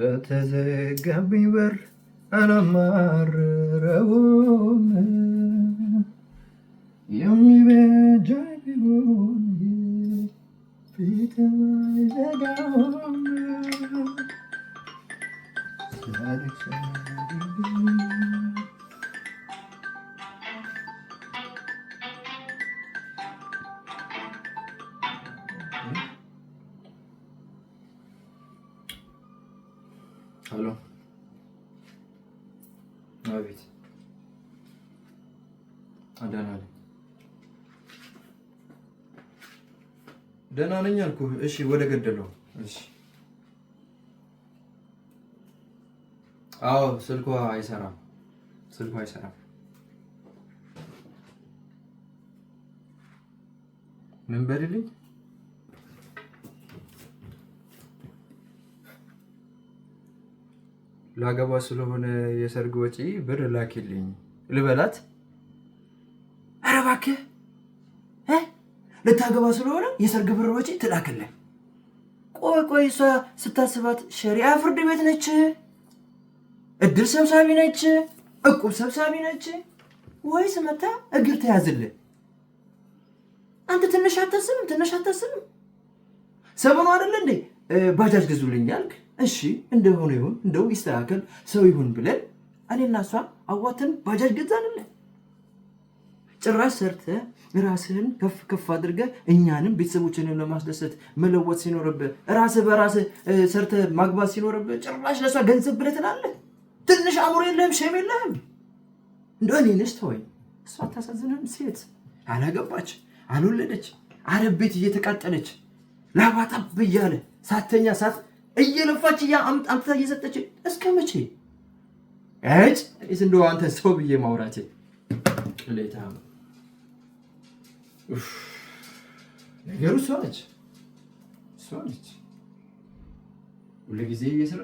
በተዘጋብኝ በር አላማረረውም የሚበጃ ቢሆን ፊትም አይዘጋውም። ብለው አቤት ደህና ነኝ ደህና ነኝ አልኩህ። እሺ ወደ ገደለው። እሺ አዎ፣ ስልኳ አይሰራም፣ ስልኳ አይሰራም። ምን በልልኝ ላገባ ስለሆነ የሰርግ ወጪ ብር ላኪልኝ ልበላት። ኧረ እባክህ ልታገባ ስለሆነ የሰርግ ብር ወጪ ትላክልን። ቆይ ቆይ እሷ ስታስባት ሸሪያ ፍርድ ቤት ነች፣ እድር ሰብሳቢ ነች፣ እቁብ ሰብሳቢ ነች ወይስ መታ እግር ተያዝልን። አንተ ትንሽ አታስብም? ትንሽ አታስብም? ሰሞኑ አይደለ እንዴ ባጃጅ ግዙልኝ እሺ እንደሆነ ይሁን እንደው ይስተካከል ሰው ይሁን ብለን እኔና እሷ አዋተን ባጃጅ ገዛንለ። ጭራሽ ሰርተ ራስህን ከፍ ከፍ አድርገ እኛንም ቤተሰቦችንም ለማስደሰት መለወጥ ሲኖርብህ ራስህ በራስህ ሰርተ ማግባት ሲኖርብህ ጭራሽ ለእሷ ገንዘብ ብለህ ትላለህ። ትንሽ አእምሮ የለህም፣ ሸም የለህም። እንደ እኔ ነሽ ተወኝ። እሷ አታሳዝንም? ሴት አላገባች፣ አልወለደች፣ አረብ ቤት እየተቃጠለች ላባጣብ እያለ ሳተኛ ሳት እየለፋች አምጥታ እየሰጠች እስከ መቼ እጭ እንደ አንተ ሰው ብዬ ማውራቴ ቅሌታ ነገሩ እሷ ነች እሷ ነች ሁሉ ጊዜ እየሰራ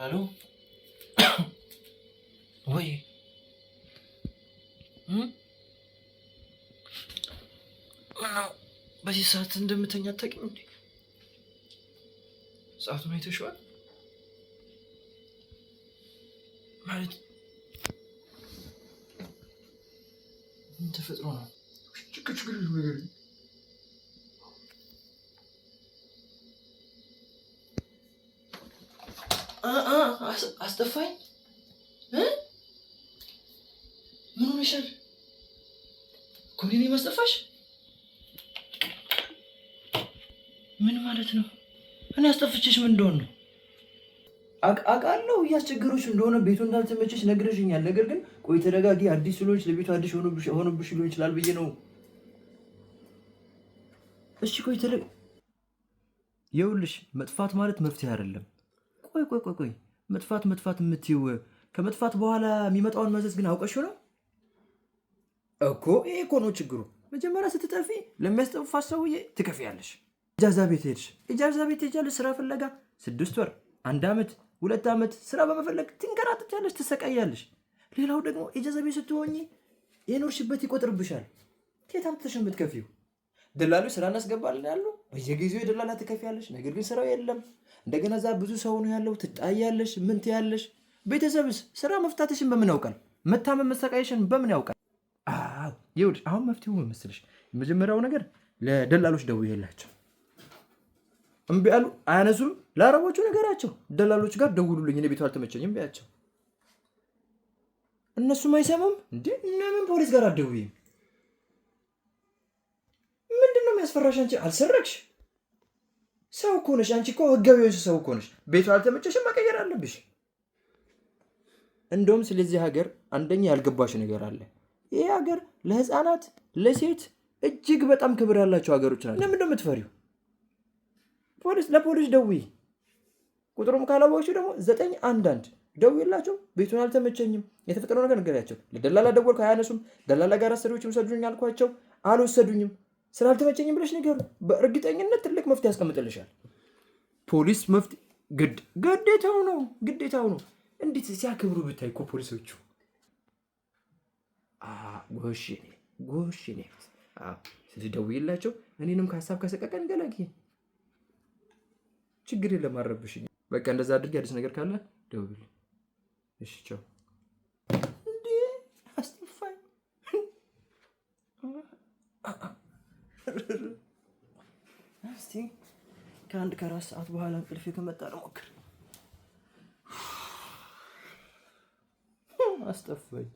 Hallo? Ui. በዚህ ሰዓት እንደምተኛ አታውቂም እንዴ? ሰዓቱን አይተሽዋል? ማለት ምን ተፈጥሮ ነው? ችግር ችግር ነገር አስጠፋኝ። ምን ሆነሻል? ኮኔኔ ማስጠፋሽ ምን ማለት ነው? እኔ አስጠፍቼሽ ምን እንደሆን ነው አውቃለሁ። እያስቸገሮች እንደሆነ ቤቱ እንዳልተመቸሽ ነግረሽኛል። ነገር ግን ቆይ ተረጋጊ፣ አዲስ ስለሆንሽ ለቤቱ አዲስ ሆኖብሽ ሊሆን ይችላል ብዬ ነው። እሺ ቆይ ተረ ይኸውልሽ፣ መጥፋት ማለት መፍትሄ አይደለም። ቆይ ቆይ ቆይ ቆይ መጥፋት መጥፋት የምትይው ከመጥፋት በኋላ የሚመጣውን መዘዝ ግን አውቀሽ ነው እኮ። ይሄ እኮ ነው ችግሩ። መጀመሪያ ስትጠፊ ለሚያስጠፋት ሰውዬ ትከፍያለሽ። ኢጃዛ ቤት ሄድሽ፣ ኢጃዛ ቤት ሄጃለሽ ስራ ፍለጋ ስድስት ወር፣ አንድ ዓመት፣ ሁለት ዓመት ስራ በመፈለግ ትንከራተቻለሽ፣ ትሰቃያለሽ። ሌላው ደግሞ ኢጃዛ ቤት ስትሆኚ የኖርሽበት ይቆጥርብሻል። ከየት አምጥተሽ የምትከፊው? ደላሎች ስራ እናስገባለን ያሉ በየጊዜው የደላላ ትከፍያለሽ። ነገር ግን ስራው የለም። እንደገና እዛ ብዙ ሰው ነው ያለው። ትጣያለሽ፣ ምን ትያለሽ። ቤተሰብስ ስራ መፍታትሽን በምን ያውቃል? መታመም መሰቃየሽን በምን ያውቃል? ይኸውልሽ አሁን መፍትሄው መመስልሽ፣ የመጀመሪያው ነገር ለደላሎች ደውዬላቸው እምቢ አሉ፣ አያነሱም። ለአረቦቹ ነገራቸው፣ ደላሎች ጋር ደውሉልኝ፣ እኔ ቤቷ አልተመቸኝም ቢያቸው፣ እነሱም አይሰሙም። እንዴ ምን ፖሊስ ጋር አደውይም አስፈራሽ? አንቺ አልሰረቅሽ፣ ሰው እኮ ነሽ። አንቺ እኮ ህጋዊ ሰው እኮ ነሽ። ቤቱ አልተመቸሽም፣ መቀየር አለብሽ። እንደውም ስለዚህ ሀገር አንደኛ ያልገባሽ ነገር አለ። ይህ ሀገር ለህፃናት ለሴት እጅግ በጣም ክብር ያላቸው ሀገሮች ናቸው። ለምን ነው የምትፈሪው? ፖሊስ ለፖሊስ ደዊ ቁጥሩም ካላወቅሽ ደግሞ ዘጠኝ አንዳንድ ደውዪላቸው። ቤቱን አልተመቸኝም፣ የተፈጠረው ነገር ንገሪያቸው። ለደላላ ደወልኩ፣ አያነሱም። ደላላ ጋር አሰሪዎች ውሰዱኝ አልኳቸው፣ አልወሰዱኝም። ስላልተመቸኝም ብለሽ ነገር በእርግጠኝነት ትልቅ መፍትሄ ያስቀምጥልሻል። ፖሊስ መፍትሄ ግድ ግዴታው ነው፣ ግዴታው ነው። እንዴት ሲያከብሩ ብታይ እኮ ፖሊሶቹ። ጎሽ ጎሽ፣ ስትደውይላቸው እኔንም ከሀሳብ ከሰቀቀን ገላጊ ችግር ለማረብሽ በቃ እንደዛ አድርጌ አዲስ ነገር ካለ ደውል። እሺ፣ ቻው። እንዴ አስፋይ እስቲ ከአንድ ከአራት ሰዓት በኋላ እንቅልፌ ከመጣ ልሞክር። አስጠፋኝ።